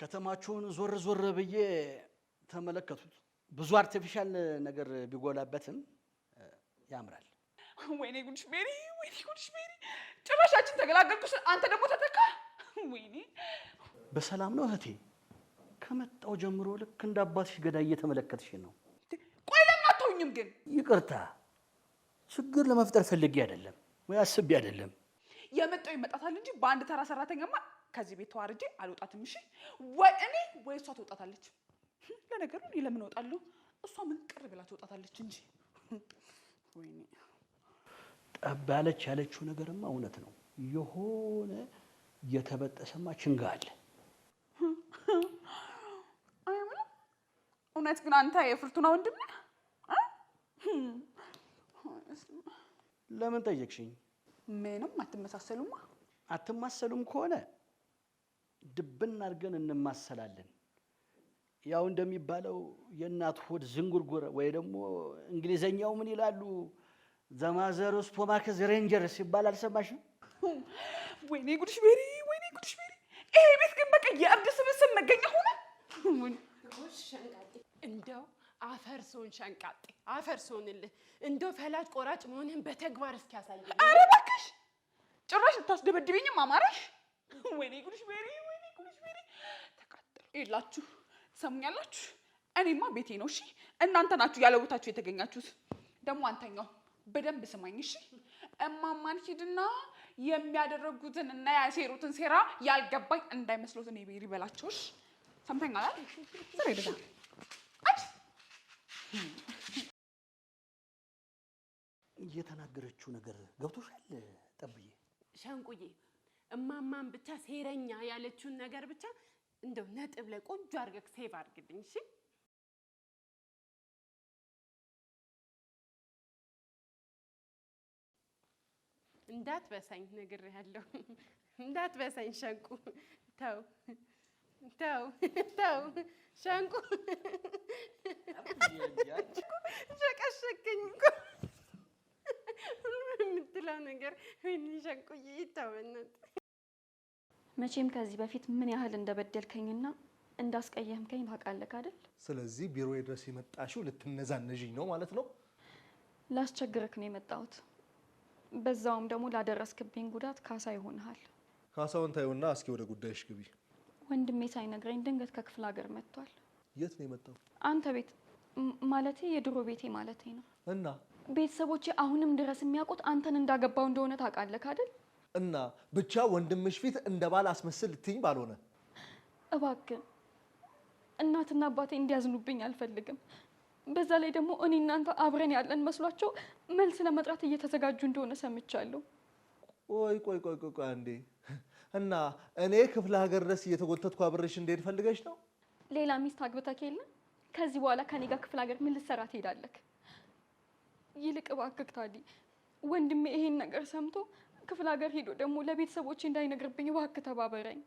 ከተማችሁን ዞር ዞር ብዬ ተመለከቱት። ብዙ አርቲፊሻል ነገር ቢጎላበትም ያምራል። ወይኔ ጉድሽ ሜሪ፣ ወይኔ ጉድሽ ሜሪ፣ ጭራሻችን ተገላገልኩስ፣ አንተ ደግሞ ተተካ። ወይኔ በሰላም ነው እህቴ? ከመጣው ጀምሮ ልክ እንደ አባትሽ ገዳይ እየተመለከትሽ ነው። ቆይ ለምን አትሆኝም ግን? ይቅርታ ችግር ለመፍጠር ፈልጌ አይደለም ወይ አስቤ አይደለም። የመጣው ይመጣታል እንጂ በአንድ ተራ ሰራተኛማ ከዚህ ቤት ተዋርጄ አልወጣትም። እሺ ወይ እኔ ወይ እሷ ትወጣታለች። ለነገሩ እኔ ለምን እወጣለሁ? እሷ ምን ቅር ብላ ትወጣታለች እንጂ ወይኔ ጠባለች ያለችው ነገርማ እውነት ነው። የሆነ የተበጠሰማ ችንጋ አለ። እውነት ግን አንተ የፍርቱና ወንድም ለምን ጠየቅሽኝ? ምንም አትመሳሰሉማ። አትማሰሉም ከሆነ ድብን አድርገን እንማሰላለን። ያው እንደሚባለው የእናት ሆድ ዝንጉርጉር ወይ ደግሞ እንግሊዘኛው ምን ይላሉ ዘማዘሩስ ፖማከዝ ሬንጀርስ ይባል አልሰማሽም? ወይኔ ጉድሽ ሜሪ፣ ወይኔ ጉድሽ ሜሪ። ይሄ ቤት ግን በቃ የእብድ ስብስብ መገኛ ሆነ። እንደው አፈርሶን ሸንቃጤ አፈርሶንልህ፣ እንደው ፈላጭ ቆራጭ መሆንህን በተግባር እስኪያሳይ። ኧረ እባክሽ ጭራሽ ልታስደበድብኝም አማረሽ። ወይኔ ጉድሽ ሜሪ፣ ወይኔ ጉድሽ ሜሪ። ተቃጠሉ የላችሁ ሰሙኛላችሁ። እኔማ ቤቴ ነው። እሺ እናንተ ናችሁ ያለ ቦታችሁ የተገኛችሁት። ደግሞ አንተኛው በደንብ ስማኝ እሺ። እማማን ሂድና የሚያደረጉትን እና ያሴሩትን ሴራ ያልገባኝ እንዳይመስሎት እኔ ቤሪ በላቸው። እሺ ሰምተኛል። ስሬ ድጋ እየተናገረችው ነገር ገብቶሻል? ጠብዬ ሸንቁዬ፣ እማማን ብቻ ሴረኛ ያለችውን ነገር ብቻ እንደው ነጥብ ላይ ቆንጆ አድርገህ ሴቭ አድርግልኝ እሺ። እንዳትበሳኝ ነግሬሃለሁ። እንዳትበሳኝ ሸንቁ ተው ተው ተው ሸንቁ ሸቀሸቀኝ እኮ የምትለው ነገር ወይኔ ሸንቁ ይታወናል። መቼም ከዚህ በፊት ምን ያህል እንደበደልከኝና እንዳስቀየምከኝ ታውቃለህ አይደል? ስለዚህ ቢሮ ድረስ የመጣሽው ልትነዛነዥኝ ነው ማለት ነው። ላስቸግርክ ነው የመጣሁት። በዛውም ደግሞ ላደረስክብኝ ጉዳት ካሳ ይሆንሃል። ካሳውን ታዩና እስኪ ወደ ጉዳይሽ ግቢ። ወንድሜ ሳይነግረኝ ድንገት ከክፍለ ሀገር መጥቷል። የት ነው የመጣው? አንተ ቤት ማለቴ የድሮ ቤቴ ማለቴ ነው። እና ቤተሰቦቼ አሁንም ድረስ የሚያውቁት አንተን እንዳገባው እንደሆነ ታውቃለህ አይደል? እና ብቻ ወንድምሽ ፊት እንደ ባል አስመስል ልትይኝ ባልሆነ። እባክህ እናትና አባቴ እንዲያዝኑብኝ አልፈልግም። በዛ ላይ ደግሞ እኔ እናንተ አብረን ያለን መስሏቸው መልስ ለመጥራት እየተዘጋጁ እንደሆነ ሰምቻለሁ። ቆይ ቆይ ቆይ ቆይ አንዴ እና እኔ ክፍለ ሀገር ድረስ እየተጎተትኩ አብረሽ እንዴት ፈልገሽ ነው? ሌላ ሚስት አግብተህ የለ ከዚህ በኋላ ከኔ ጋር ክፍለ ሀገር ምን ልትሰራ ትሄዳለህ? ይልቅ እባክህ ታዲያ ወንድሜ ይሄን ነገር ሰምቶ ክፍለ ሀገር ሄዶ ደግሞ ለቤተሰቦቼ እንዳይነግርብኝ እባክህ ተባበረኝ።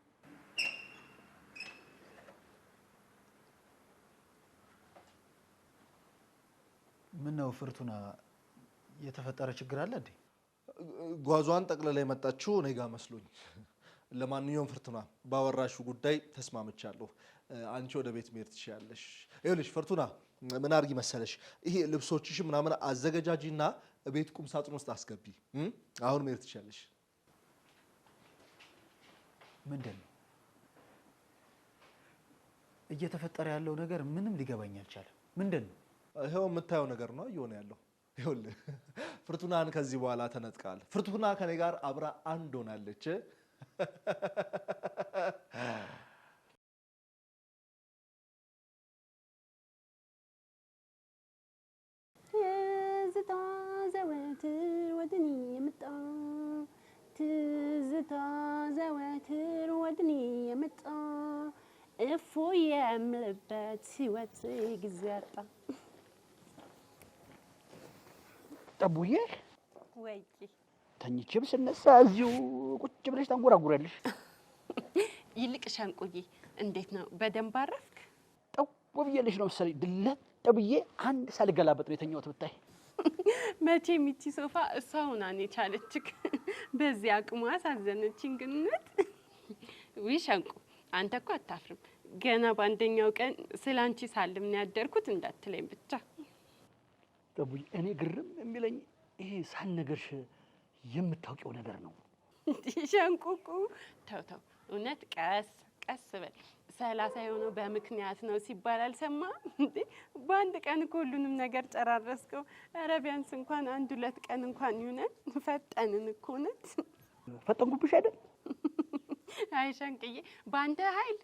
ነው ፍርቱና፣ የተፈጠረ ችግር አለ እንዴ? ጓዟን ጠቅልላ የመጣችው እኔ ጋ መስሎኝ። ለማንኛውም ፍርቱና፣ ባወራሹ ጉዳይ ተስማምቻለሁ። አንቺ ወደ ቤት መሄድ ትችያለሽ። ይኸውልሽ ፍርቱና፣ ምን አድርጊ መሰለሽ፣ ይሄ ልብሶችሽ ምናምን አዘገጃጂና ቤት ቁም ሳጥን ውስጥ አስገቢ። አሁን መሄድ ትችያለሽ። ምንድን ነው እየተፈጠረ ያለው ነገር? ምንም ሊገባኝ አልቻለም። ምንድን ነው ይኸው የምታየው ነገር ነው እየሆነ ያለው። ይኸውልህ ፍርቱናን ከዚህ በኋላ ተነጥቃል። ፍርቱና ከኔ ጋር አብራ አንድ ሆናለች። ትዝታ ዘወትር ወደኔ የመጣ ትዝታ ዘወትር ወደኔ የመጣ እፎ የምልበት ህይወት ጊዜ ጠቡዬ ወይ ተኝቼም ስነሳ እዚሁ ቁጭ ብለሽ ታንጎራጉራለሽ። ይልቅ ሸንቁዬ እንዴት ነው? በደንብ አረፍክ? ጠው ብዬልሽ ነው መሰለኝ ድለት ጠብዬ አንድ ሳልገላበጥ ነው የተኛሁት። ብታይ መቼ ሚቺ ሶፋ እሷ ሆና የቻለችክ። በዚህ አቅሟ ሳዘነችኝ። ግንነት ዊ ሸንቁ፣ አንተ እኮ አታፍርም። ገና በአንደኛው ቀን ስለ አንቺ ሳልም ነው ያደርኩት እንዳትለኝ ብቻ ጠቡኝ እኔ ግርም የሚለኝ ይሄ ሳልነግርሽ የምታውቂው ነገር ነው። ሸንቁቁ ተው ተው፣ እውነት ቀስ ቀስ በል። ሰላሳ የሆነው በምክንያት ነው ሲባል አልሰማ እንዴ? በአንድ ቀን እኮ ሁሉንም ነገር ጨራረስከው። ኧረ ቢያንስ እንኳን አንድ ሁለት ቀን እንኳን ይሁነን። ፈጠንን እኮ እውነት ፈጠንኩብሽ አይደል? አይ ሸንቅዬ፣ በአንተ ኃይል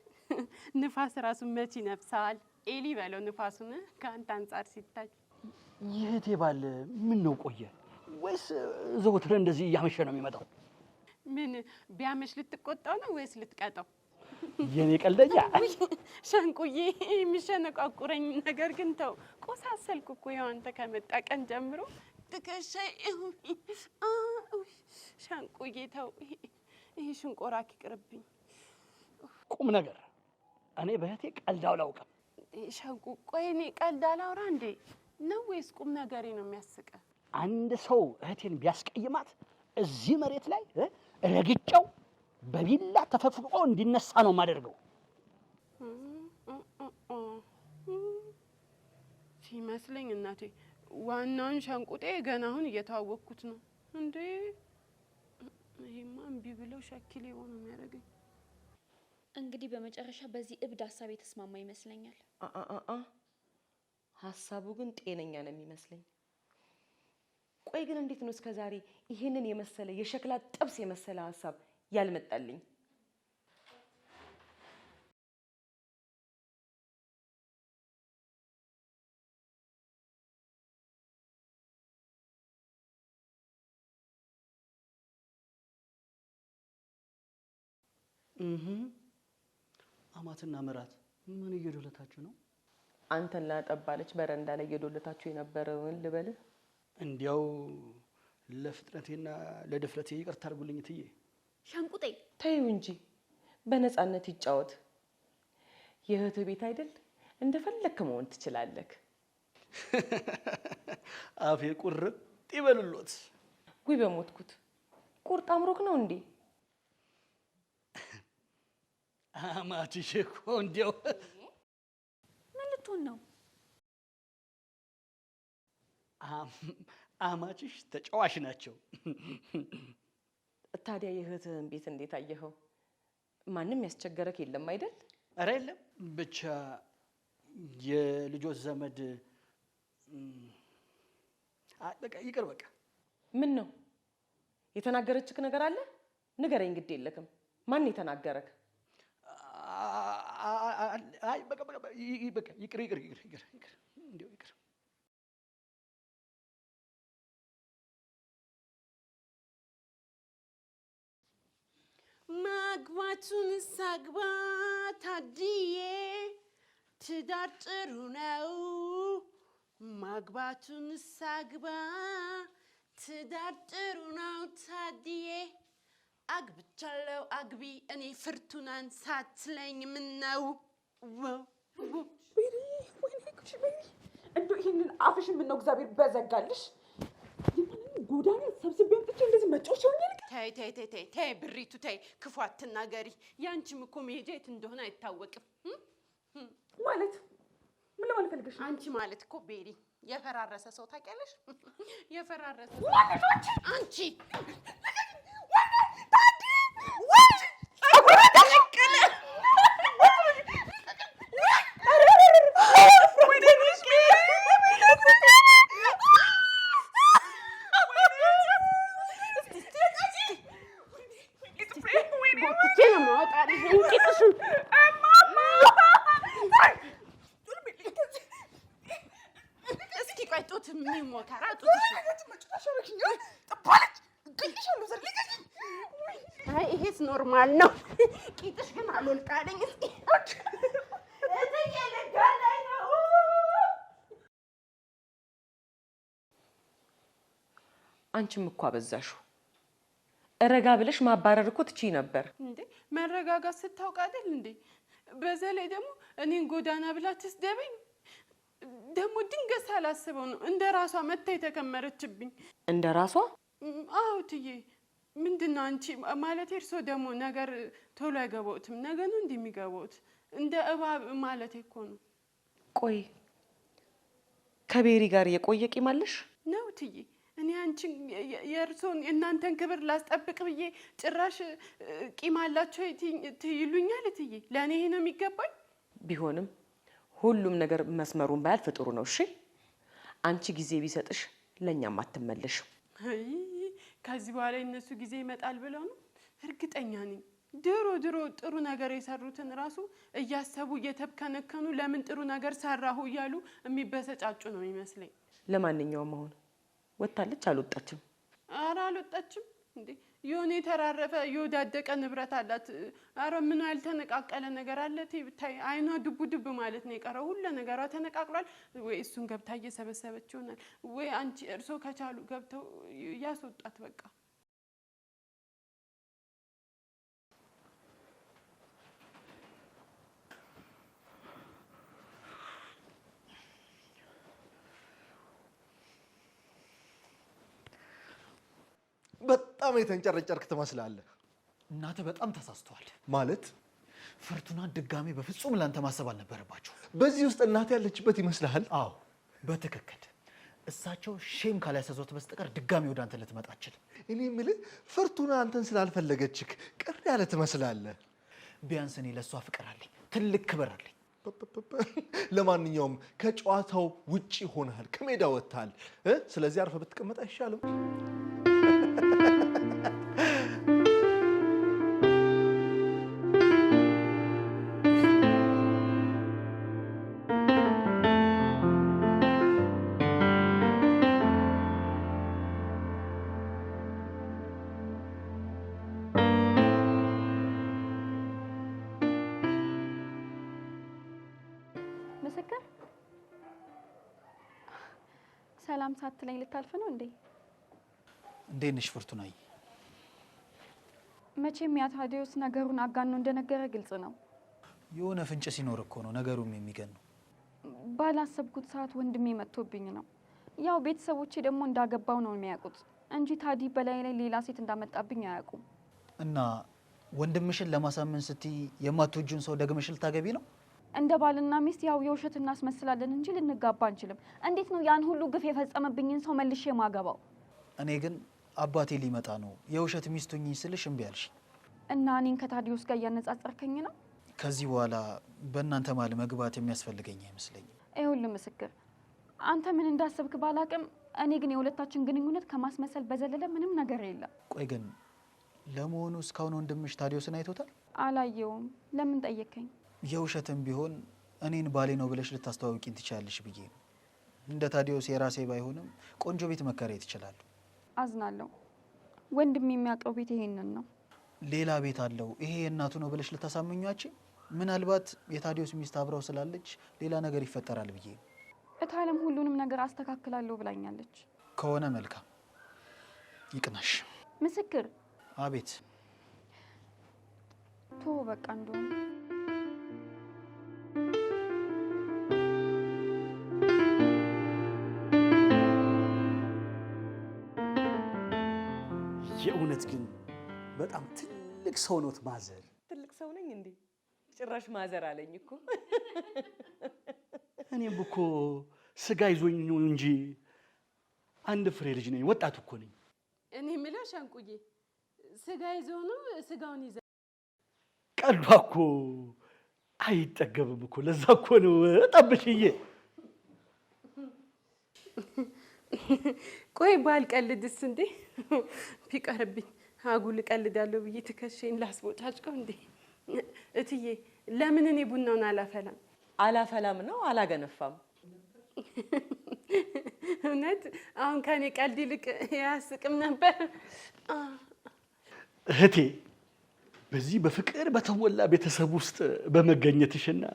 ንፋስ ራሱን መች ይነፍሰዋል? ኤሊ በለው ንፋሱን ከአንተ አንጻር ሲታይ ይህቴ ባል ምን ነው ቆየ ወይስ ዘወትር እንደዚህ እያመሸ ነው የሚመጣው? ምን ቢያመሽ ልትቆጣው ነው ወይስ ልትቀጠው? የኔ ቀልደኛ ሸንቁዬ፣ የሚሸነቋቁረኝ ነገር ግን ተው። ቆሳሰልኩ እኮ ያው አንተ ከመጣ ቀን ጀምሮ ትከሻይ። ሸንቁዬ ተው፣ ይሄ ሽንቆራክ ይቅርብኝ። ቁም ነገር እኔ በህቴ ቀልድ አላውቅም። ሸንቁ ቆይ እኔ ቀልድ አላውራ እንዴ ነው ወይስ ቁም ነገሬ ነው የሚያስቀ? አንድ ሰው እህቴን ቢያስቀይማት እዚህ መሬት ላይ ረግጫው በቢላ ተፈፍቆ እንዲነሳ ነው የማደርገው። ሲመስለኝ እናቴ ዋናውን ሸንቁጤ ገና አሁን እየተዋወቅኩት ነው እንዴ። ይሄማ እምቢ ብለው ሸኪል የሆነ የሚያደርገኝ እንግዲህ በመጨረሻ በዚህ እብድ ሀሳብ የተስማማ ይመስለኛል። ሀሳቡ ግን ጤነኛ ነው የሚመስለኝ። ቆይ ግን እንዴት ነው እስከዛሬ ይህንን የመሰለ የሸክላ ጥብስ የመሰለ ሀሳብ ያልመጣልኝ? አማትና ምራት ምን እየዶለታችሁ ነው? አንተን ላጠባለች በረንዳ ላይ እየዶለታችሁ የነበረውን ልበልህ። እንዲያው ለፍጥነቴና ለድፍረቴ ይቅርታ አድርጉልኝ ትዬ። ሸንቁጤ ተይው እንጂ በነፃነት ይጫወት። የእህትህ ቤት አይደል? እንደፈለክ መሆን ትችላለህ። አፌ ቁርጥ ይበሉሎት። ጉይ በሞትኩት ቁርጥ አምሮክ ነው እንዴ? አማትሽ እኮ እንዲያው አማችሽ ተጫዋች ናቸው። ታዲያ የእህትህን ቤት እንዴት አየኸው? ማንም ያስቸገረክ የለም አይደል? ረ የለም። ብቻ የልጆች ዘመድ ይቅር በቃ። ምን ነው የተናገረችክ ነገር አለ? ንገረኝ። ግድ የለክም። ማን የተናገረክ? ይቅር ይቅር ይቅር ይቅር ይቅር ማግባቱን ሳግባ ታድዬ ትዳር ጥሩ ነው። ማግባቱን ሳግባ ትዳር ጥሩ ነው። ታድዬ አግብቻለሁ አግቢ እኔ ፍርቱናን ሳትለኝ ምነው እንደው ይህንን አፍሽን ምነው እግዚአብሔር በዘጋልሽ። ጎዳና ሰብስቤ አንቺ እንደዚህ መጮች ሆኝ ይልቅ ተይ ተይ ተይ ተይ ተይ ብሪቱ ተይ፣ ክፉ አትናገሪ። ያንቺም እኮ መሄጃ የት እንደሆነ አይታወቅም። ማለት ምን ለማለት ፈልገሽ? አንቺ ማለት እኮ ቤሪ የፈራረሰ ሰው ታውቂያለሽ? የፈራረሰ ማለት አንቺ አንቺ ግርማን ነው። ቂጥሽ ግን አልወልቃለኝ አንቺም እኮ አበዛሹ። ረጋ ብለሽ ማባረር እኮ ትችይ ነበር እንዴ። መረጋጋት ስታውቅ አይደል እንዴ? በዛ ላይ ደግሞ እኔን ጎዳና ብላ ትስደበኝ። ደግሞ ድንገት ሳላስበው ነው እንደ ራሷ መታ የተከመረችብኝ። እንደ ራሷ? አዎ ትዬ ምንድን ነው አንቺ ማለት እርሶ ደግሞ ነገር ቶሎ አይገባትም ነገ ነው እንዲህ እንደ እባብ ማለት እኮ ነው። ቆይ ከቤሪ ጋር የቆየ ቂም አለሽ ነው ትዬ? እኔ አንቺን የእርሶን የእናንተን ክብር ላስጠብቅ ብዬ ጭራሽ ቂም አላቸው ትይሉኛል ትዬ? ለእኔ ይሄ ነው የሚገባኝ? ቢሆንም ሁሉም ነገር መስመሩን ባያልፍ ጥሩ ነው። እሺ አንቺ ጊዜ ቢሰጥሽ ለእኛም አትመለሽም። ከዚህ በኋላ የነሱ ጊዜ ይመጣል ብለው ነው። እርግጠኛ ነኝ ድሮ ድሮ ጥሩ ነገር የሰሩትን ራሱ እያሰቡ እየተብከነከኑ ለምን ጥሩ ነገር ሰራሁ እያሉ የሚበሰጫጩ ነው ይመስለኝ። ለማንኛውም አሁን ወጥታለች አልወጣችም? አረ አልወጣችም እንዴ የሆነ የተራረፈ የወዳደቀ ንብረት አላት። አረ ምን ያልተነቃቀለ ነገር አለ? ብታይ አይኗ ድቡ ድብ ማለት ነው የቀረው። ሁሉ ነገሯ ተነቃቅሏል። ወይ እሱን ገብታ እየሰበሰበች ይሆናል፣ ወይ አንቺ እርሶ ከቻሉ ገብተው ያስወጣት በቃ በጣም የተንጨረጨርክ ትመስላለህ። እናተ በጣም ተሳስተዋል። ማለት ፍርቱና ድጋሜ በፍጹም ላንተ ማሰብ አልነበረባቸው። በዚህ ውስጥ እናት ያለችበት ይመስልሃል? አዎ በትክክል እሳቸው ሼም ካላያሰዟት በስተቀር ድጋሜ ወደ አንተ ልትመጣ አትችልም። እኔ የምልህ ፍርቱና አንተን ስላልፈለገችክ ቅር ያለ ትመስላለህ። ቢያንስ እኔ ለእሷ ፍቅር አለኝ፣ ትልቅ ክብር አለኝ። ለማንኛውም ከጨዋታው ውጪ ሆነሃል፣ ከሜዳ ወጥተሃል። ስለዚህ አርፈ ብትቀመጥ አይሻልም? ሰላም ሳትለኝ ልታልፍ ነው እንዴ? እንዴት ነሽ ፍርቱናዬ? መቼም ያ ታዲዮስ ነገሩን አጋኖ እንደነገረ ግልጽ ነው። የሆነ ፍንጭ ሲኖር እኮ ነው ነገሩም የሚገነው። ባላሰብኩት ሰዓት ወንድሜ መጥቶብኝ ነው። ያው ቤተሰቦቼ ደግሞ እንዳገባው ነው የሚያውቁት እንጂ ታዲ በላይ ላይ ሌላ ሴት እንዳመጣብኝ አያውቁም። እና ወንድምሽን ለማሳመን ስትይ የማትወጂውን ሰው ደግመሽ ልታገቢ ነው? እንደ ባልና ሚስት ያው የውሸት እናስመስላለን እንጂ ልንጋባ አንችልም። እንዴት ነው ያን ሁሉ ግፍ የፈጸመብኝን ሰው መልሼ ማገባው? እኔ ግን አባቴ ሊመጣ ነው የውሸት ሚስቱኝ ስልሽ እምቢ አልሽ እና እኔን ከታዲዮስ ጋር እያነጻጸርከኝ ነው። ከዚህ በኋላ በእናንተ ማል መግባት የሚያስፈልገኝ አይመስለኝም። ይኸውልህ ምስክር፣ አንተ ምን እንዳሰብክ ባላቅም፣ እኔ ግን የሁለታችን ግንኙነት ከማስመሰል በዘለለ ምንም ነገር የለም። ቆይ ግን ለመሆኑ እስካሁን ወንድምሽ ታዲዮስን አይቶታል? አላየውም። ለምን ጠየከኝ? የውሸትም ቢሆን እኔን ባሌ ነው ብለሽ ልታስተዋውቂን ትችላለሽ ብዬ ነው። እንደ ታዲዮስ የራሴ ባይሆንም ቆንጆ ቤት መከራየት እችላለሁ። አዝናለሁ። ወንድም የሚያውቀው ቤት ይሄንን ነው። ሌላ ቤት አለው ይሄ የእናቱ ነው ብለሽ ልታሳምኟቸው። ምናልባት የታዲዮስ ሚስት አብረው ስላለች ሌላ ነገር ይፈጠራል ብዬ እታለም ሁሉንም ነገር አስተካክላለሁ ብላኛለች። ከሆነ መልካም ይቅናሽ። ምስክር። አቤት። ቶ በቃ እንደሆነ ማለት ግን በጣም ትልቅ ሰው ኖት ማዘር። ትልቅ ሰው ነኝ እንዴ? ጭራሽ ማዘር አለኝ እኮ። እኔም እኮ ስጋ ይዞኝ ነው እንጂ አንድ ፍሬ ልጅ ነኝ፣ ወጣት እኮ ነኝ። እኔ የምለው ሸንቁዬ ስጋ ይዞ ነው ስጋውን ይዘ ቀዷ እኮ አይጠገብም እኮ ለዛ እኮ ነው ጠብሽዬ ቆይ ባልቀልድስ እንዴ? ቢቀርብኝ አጉል እቀልዳለሁ ብዬ ትከሻዬን ላስቦጫጭቀው እንዴ? እትዬ ለምን እኔ ቡናውን አላፈላም? አላፈላም ነው አላገነፋም። እውነት አሁን ከኔ ቀልድ ይልቅ ያስቅም ነበር። እህቴ በዚህ በፍቅር በተሞላ ቤተሰብ ውስጥ በመገኘትሽና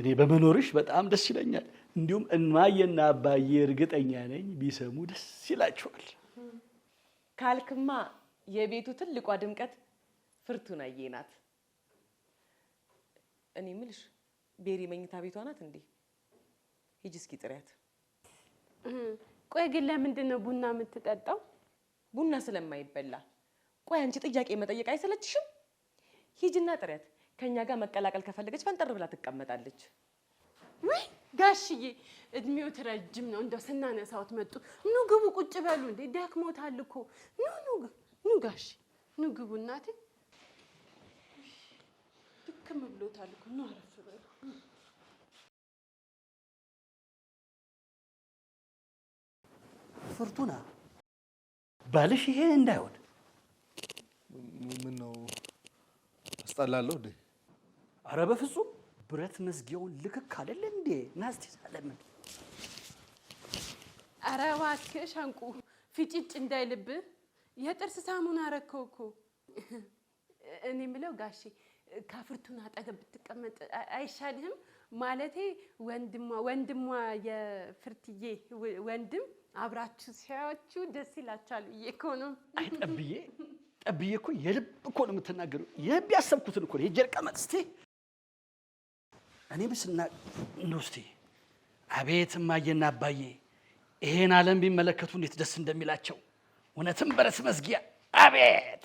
እኔ በመኖርሽ በጣም ደስ ይለኛል። እንዲሁም እማዬና አባዬ እርግጠኛ ነኝ ቢሰሙ ደስ ይላቸዋል ካልክማ የቤቱ ትልቋ ድምቀት ፍርቱናዬ ናት። እኔ ምልሽ ቤሪ መኝታ ቤቷ ናት እንዴ? ሂጂ እስኪ ጥሪያት። ቆይ ግን ለምንድን ነው ቡና የምትጠጣው? ቡና ስለማይበላ። ቆይ አንቺ ጥያቄ መጠየቅ አይሰለችሽም? ሂጂና ጥሪያት። ከኛ ጋር መቀላቀል ከፈለገች ፈንጠር ብላ ትቀመጣለች። ወይ ጋሽዬ፣ እድሜዎት ረጅም ነው። እንደው ስናነሳዎት መጡ። ኑ ግቡ፣ ቁጭ በሉ። እንዴ ደክሞታል እኮ። ኑ ኑ ኑ ጋሽ፣ ኑ ግቡ። እናቴ ድክም ብሎታል እኮ። ኑ አረፍ በሉ። ፍርቱና፣ ባልሽ ይሄ እንዳይሆን ምን ነው አስጠላለሁ እንዴ? አረ በፍጹም ብረት መዝጊያውን ልክክ አይደለም እንዴ? ናስቲ ሰለምን አረ እባክህ ሸንቁ ፊጭጭ እንዳይልብህ የጥርስ ሳሙና አረከው እኮ። እኔ የምለው ጋሼ ካፍርቱን አጠገብ ብትቀመጥ አይሻልህም? ማለቴ ወንድሟ ወንድሟ የፍርትዬ ወንድም አብራችሁ ሲያችሁ ደስ ይላችኋል ብዬ እኮ ነው። አይ ጠብዬ ጠብዬ እኮ የልብ እኮ ነው የምትናገሩ የልብ ያሰብኩትን እኮ ነው። የጀርቀመጥ እስቲ እኔ ብስና እንውስቲ አቤት እማዬና አባዬ ይሄን ዓለም ቢመለከቱ እንዴት ደስ እንደሚላቸው እውነትም በረስ መዝጊያ አቤት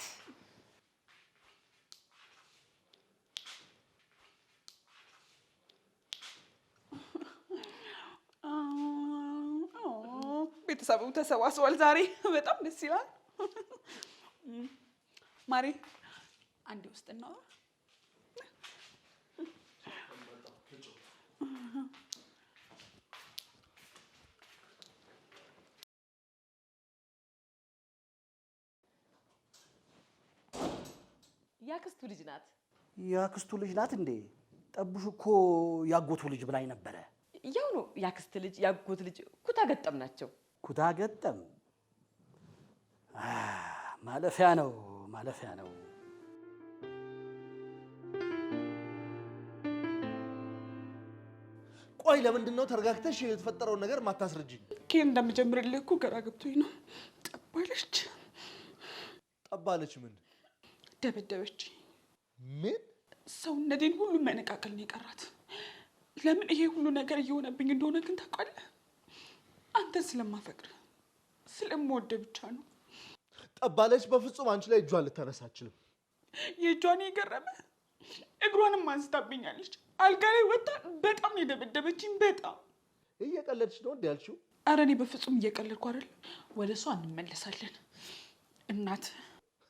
ቤተሰቡ ተሰባስቧል ዛሬ በጣም ደስ ይላል ማሪ አንዴ ውስጥ እናወራ ያክስቱ ልጅ ናት። ያክስቱ ልጅ ናት እንዴ? ጠቡሽ እኮ ያጎቱ ልጅ ብላኝ ነበረ። ያው ነው ያክስት ልጅ ያጎት ልጅ ኩታ ገጠም ናቸው። ኩታ ገጠም ማለፊያ ነው፣ ማለፊያ ነው። ቆይ ለምንድን ነው ተረጋግተሽ የተፈጠረውን ነገር ማታስረጅኝ? ልኬ እንደምጀምርልህ እኮ ግራ ገብቶኝ ነው። ጠባለች ጠባለች። ምን ደበደበች? ምን ሰውነቴን ሁሉ መነቃቀል ነው የቀራት። ለምን ይሄ ሁሉ ነገር እየሆነብኝ እንደሆነ ግን ታውቃለህ? አንተ ስለማፈቅር ስለምወደ ብቻ ነው። ጠባለች በፍጹም አንቺ ላይ እጇን ልታነሳ አትችልም። የእጇን የገረመ እግሯንም አንስታብኛለች። አልጋ ላይ ወጣ። በጣም የደበደበችኝ። በጣም እየቀለድሽ ነው እንዲህ ያልሽው? አረ እኔ በፍጹም እየቀለድኩ አይደል። ወደ እሷ እንመለሳለን። እናት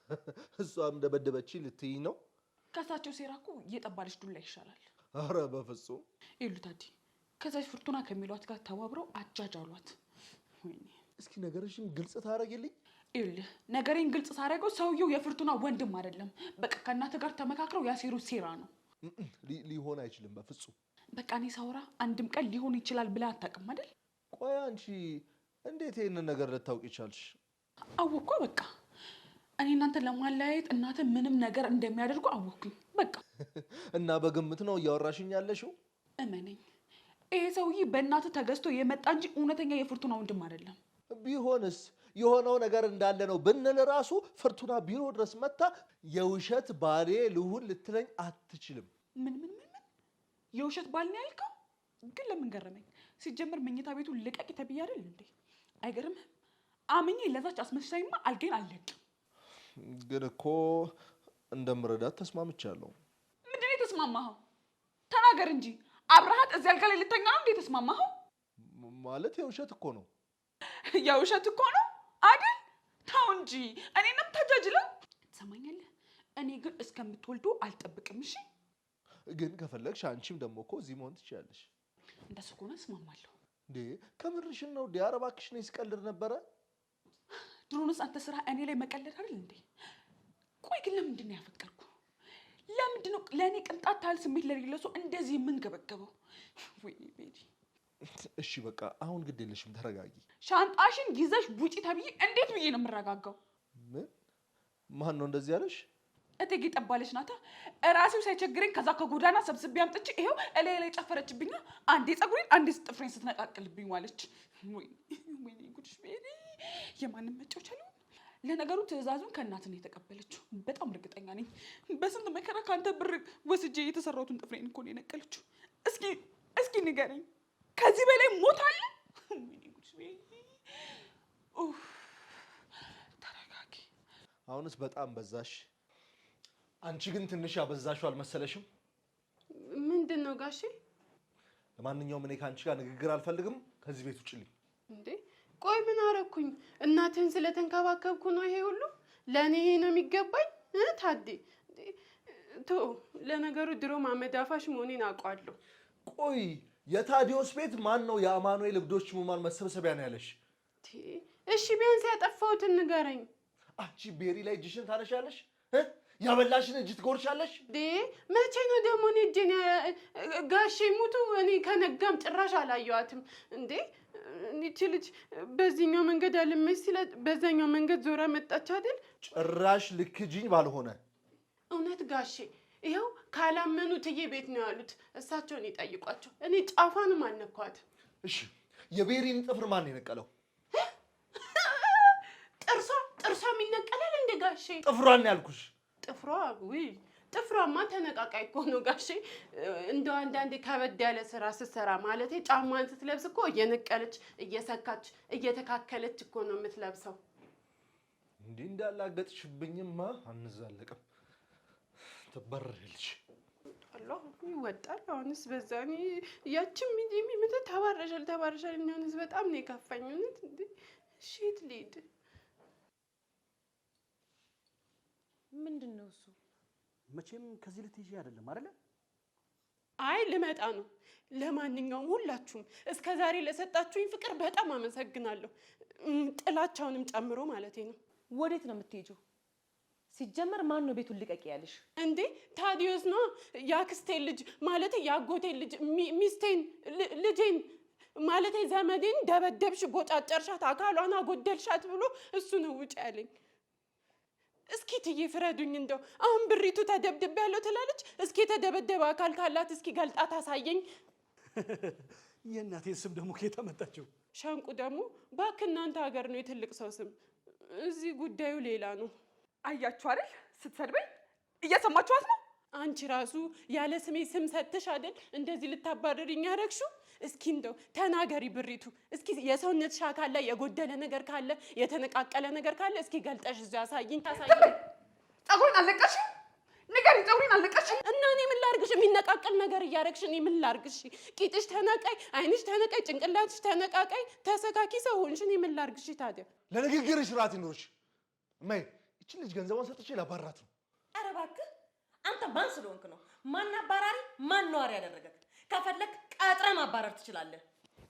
እሷም ደበደበችኝ ልትይ ነው? ከሳቸው ሴራ እኮ እየጠባለች ዱላ ይሻላል። አረ በፍጹም ይሉ ታዲ ከዛች ፍርቱና ከሚሏት ጋር ተባብረው አጃጅ አሏት። እስኪ ነገርሽን ግልጽ ታደርጊልኝ። ይኸውልህ ነገሬን ግልጽ ሳደርገው ሰውየው የፍርቱና ወንድም አይደለም። በቃ ከእናት ጋር ተመካክረው ያሴሩት ሴራ ነው። ሊሆን አይችልም በፍጹም። በቃ እኔ ሳውራ አንድም ቀን ሊሆን ይችላል ብለ አታውቅም አይደል? ቆይ አንቺ እንዴት ይህንን ነገር ልታውቅ ይቻልሽ? አወቅኳ በቃ እኔ እናንተን ለማለያየት እናተ ምንም ነገር እንደሚያደርጉ አወኩኝ። በቃ እና በግምት ነው እያወራሽኝ ያለሽው? እመነኝ፣ ይሄ ሰውዬ በእናት ተገዝቶ የመጣ እንጂ እውነተኛ የፍርቱና ወንድም አይደለም። ቢሆንስ የሆነው ነገር እንዳለ ነው ብንል ራሱ ፍርቱና ቢሮ ድረስ መታ የውሸት ባሌ ልሁን ልትለኝ አትችልም። ምን ምን ምን ምን የውሸት ባል ነው ያልከው? ግን ለምን ገረመኝ? ሲጀምር መኝታ ቤቱ ልቀቅ ተብዬ አይደል እንዴ? አይገርምም? አምኜ ለዛች አስመሳይማ አልገኝ አልለቅም። ግን እኮ እንደምረዳት ተስማምቻለሁ። ምንድን ነው የተስማማኸው? ተናገር እንጂ አብረሃት እዚህ አልጋ ላይ ልተኛ ነው እንዴ የተስማማኸው? ማለት የውሸት እኮ ነው የውሸት እኮ ነው። አይደል? ተው እንጂ እኔንም ተጃጅለው ትሰማኛለህ። እኔ ግን እስከምትወልዱ አልጠብቅም። እሺ። ግን ከፈለግሽ አንቺም ደግሞ እኮ እዚህ መሆን ትችላለሽ። እንደሱ ከሆነ እስማማለሁ። እንዴ ከምርሽን ነው? ዲያ እባክሽ ነው ሲቀልድ ነበረ። ድሮንስ አንተ ስራ እኔ ላይ መቀለድ አይደል እንዴ? ቆይ ግን ለምንድን ነው ያፈቀርኩ? ለምንድን ነው ለእኔ ቅንጣት ታህል ስሜት ለሌለ ሰው እንደዚህ የምንገበገበው? ወይኔ ቤቲ እሺ በቃ አሁን ግድ የለሽም ተረጋጊ። ሻንጣሽን ይዘሽ ውጪ ተብዬ እንዴት ብዬ ነው የምረጋጋው? ምን ማን ነው እንደዚህ ያለሽ? እቴጌ ጠባለች ናታ። እራሴው ሳይቸግረኝ ከዛ ከጎዳና ሰብስቤ አምጥቼ ይሄው እላይ ላይ ጨፈረችብኛ። አንዴ ፀጉሬን፣ አንዴ ጥፍሬን ስትነቃቅልብኝ ዋለች። ወይኔ የማንም መጫወቻ ሊሆን ለነገሩ ትዕዛዙን ከእናት ነው የተቀበለችው። በጣም እርግጠኛ ነኝ። በስንት መከራ ከአንተ ብር ወስጄ የተሰራሁትን ጥፍሬን እኮ ነው የነቀለችው። እስኪ እስኪ ንገረኝ ከዚህ በላይ ሞት አለ? ተረጋጊ። አሁንስ በጣም በዛሽ። አንቺ ግን ትንሽ ያበዛሽው አልመሰለሽም? ምንድን ነው ጋሼ? ለማንኛውም እኔ ከአንቺ ጋር ንግግር አልፈልግም። ከዚህ ቤት ውጭልኝ። እንዴ ቆይ ምን አረኩኝ? እናትህን ስለተንከባከብኩ ነው ይሄ ሁሉ? ለእኔ ይሄ ነው የሚገባኝ? ታዴ ቶ ለነገሩ ድሮ ማመዳፋሽ መሆኔን አውቋለሁ ቆይ የታዲዮስ ቤት ማን ነው የአማኑኤል እብዶች ሙማን መሰብሰቢያ ነው ያለሽ? እሺ ቢያንስ ያጠፋሁትን ንገረኝ። አንቺ ቤሪ ላይ እጅሽን ታነሻለሽ? ያበላሽን እጅ ትጎርሻለሽ። መቼ ነው ደግሞ እኔ እጄን ጋሼ ሙቱ እኔ ከነጋም ጭራሽ አላየዋትም እንዴ። ይቺ ልጅ በዚህኛው መንገድ አልመች ሲለ በዛኛው መንገድ ዞራ መጣች አይደል? ጭራሽ ልክጅኝ ባልሆነ እውነት ጋሼ ይኸው ካላመኑ እዬ ቤት ነው ያሉት። እሳቸውን ይጠይቋቸው። እኔ ጫፏንም አልነኳት። እሺ፣ የቤሪን ጥፍር ማን የነቀለው? ጥርሷ ጥርሷ የሚነቀላል እንደ ጋሼ? ጥፍሯን ያልኩሽ። ጥፍሯ ውይ፣ ጥፍሯማ ተነቃቃይ እኮ ነው ጋሼ። እንደው አንዳንዴ ከበድ ያለ ስራ ስትሰራ ማለት ጫማን ስትለብስ እኮ እየነቀለች እየሰካች እየተካከለች እኮ ነው የምትለብሰው። እንዲህ እንዳላገጥሽብኝማ አንዛለቅም ትባረርልሽ አላህ ይወጣል። አሁንስ በዛ እኔ ያቺም የሚመጣ ተባረሻል ተባረሻል የሚሆንስ በጣም ነው የከፋኝ። እውነት እንዴ ሼት ሊድ ምንድን ነው እሱ? መቼም ከዚህ ልትይዤ አይደለም አይደለ? አይ ልመጣ ነው። ለማንኛውም ሁላችሁም እስከ ዛሬ ለሰጣችሁኝ ፍቅር በጣም አመሰግናለሁ፣ ጥላቻውንም ጨምሮ ማለቴ ነው። ወዴት ነው የምትሄጂው? ሲጀመር ማን ነው ቤቱን ልቀቂ ያለሽ? እንዴ ታዲዮስ ነው ያክስቴን ልጅ ማለት ያጎቴን ልጅ ሚስቴን ልጄን ማለት ዘመዴን ደበደብሽ፣ ጎጫጨርሻት፣ አካሏን አጎደልሻት ብሎ እሱ ነው ውጭ ያለኝ። እስኪ ትዬ ፍረዱኝ። እንደው አሁን ብሪቱ ተደብድብ ያለው ትላለች። እስኪ የተደበደበ አካል ካላት እስኪ ገልጣ ታሳየኝ። የእናቴ ስም ደግሞ ከተመጣችው ሸንቁ ደግሞ ባክ እናንተ ሀገር ነው የትልቅ ሰው ስም፣ እዚህ ጉዳዩ ሌላ ነው። አያችሁ አይደል? ስትሰድበኝ እየሰማችኋት ነው። አንቺ ራሱ ያለ ስሜ ስም ሰጥተሽ አይደል? እንደዚህ ልታባረሪኝ ያደረግሽው። እስኪ እንደው ተናገሪ ብሪቱ፣ እስኪ የሰውነትሽ አካል ላይ የጎደለ ነገር ካለ የተነቃቀለ ነገር ካለ እስኪ ገልጠሽ እዚያ ያሳይኝ። ታሳይ። ፀጉሬን አልለቀሽም? ንገሪኝ፣ ፀጉሬን አልለቀሽም እና እኔ ምን ላድርግሽ? የሚነቃቀል ነገር እያደረግሽ እኔ ምን ላድርግሽ? ቂጥሽ ተነቃይ፣ አይንሽ ተነቃይ፣ ጭንቅላትሽ ተነቃቃይ፣ ተሰካኪ ሰው ሆንሽ። እኔ ምን ላድርግሽ? ታዲያ ለንግግርሽ ሥርዓት ይኑርሽ እማዬ እቺ ልጅ ገንዘቧን ሰጥቼ ላባራት ነው። ኧረ እባክህ አንተ ማን ስለሆንክ ነው? ማን አባራሪ ማን ነዋሪ ያደረገክ? ከፈለክ ቀጥረህ ማባረር ትችላለህ።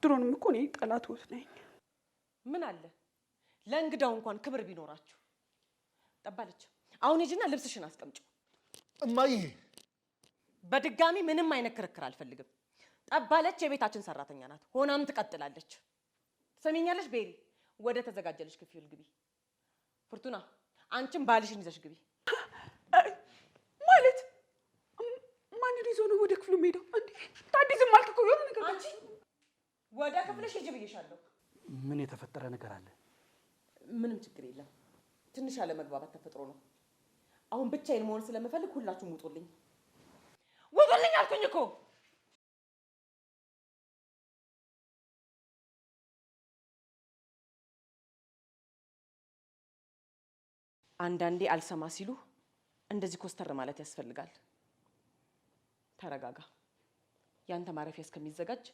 ድሮንም እኮ እኔ ጠላት ወስ ነኝ። ምን አለ ለእንግዳው እንኳን ክብር ቢኖራችሁ። ጠባለች። አሁን ሂጂና ልብስሽን አስቀምጪው። እማዬ፣ በድጋሚ ምንም አይነት ክርክር አልፈልግም። ጠባለች የቤታችን ሰራተኛ ናት፣ ሆናም ትቀጥላለች። ትሰሚኛለሽ? ቤሪ፣ ወደ ተዘጋጀልሽ ክፍል ግቢ። ፍርቱና አንቺም ባልሽን ይዘሽ ግቢ። ማለት ማንን ይዞ ነው ወደ ክፍሉ ሄደው? እንዴ ታዲ ዝም አልክ እኮ የሆነ ነገር። አንቺ ወደ ክፍልሽ ሂጂ ብዬሻለሁ። ምን የተፈጠረ ነገር አለ? ምንም ችግር የለም። ትንሽ አለመግባባት ተፈጥሮ ነው። አሁን ብቻዬን መሆን ስለምፈልግ ሁላችሁም ውጡልኝ፣ ውጡልኝ አልኩኝ እኮ አንዳንዴ አልሰማ ሲሉ እንደዚህ ኮስተር ማለት ያስፈልጋል። ተረጋጋ። ያንተ ማረፊያ እስከሚዘጋጅ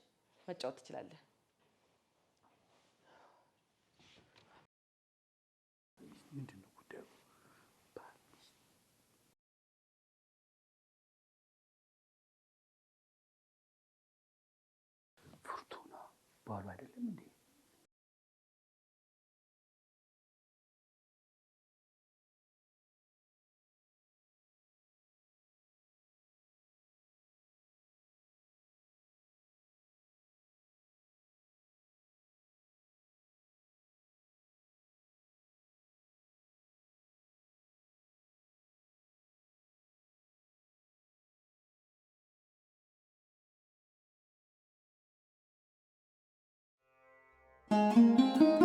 መጫወት ትችላለህ። ባሉ አይደለም እንዴ? Thank you.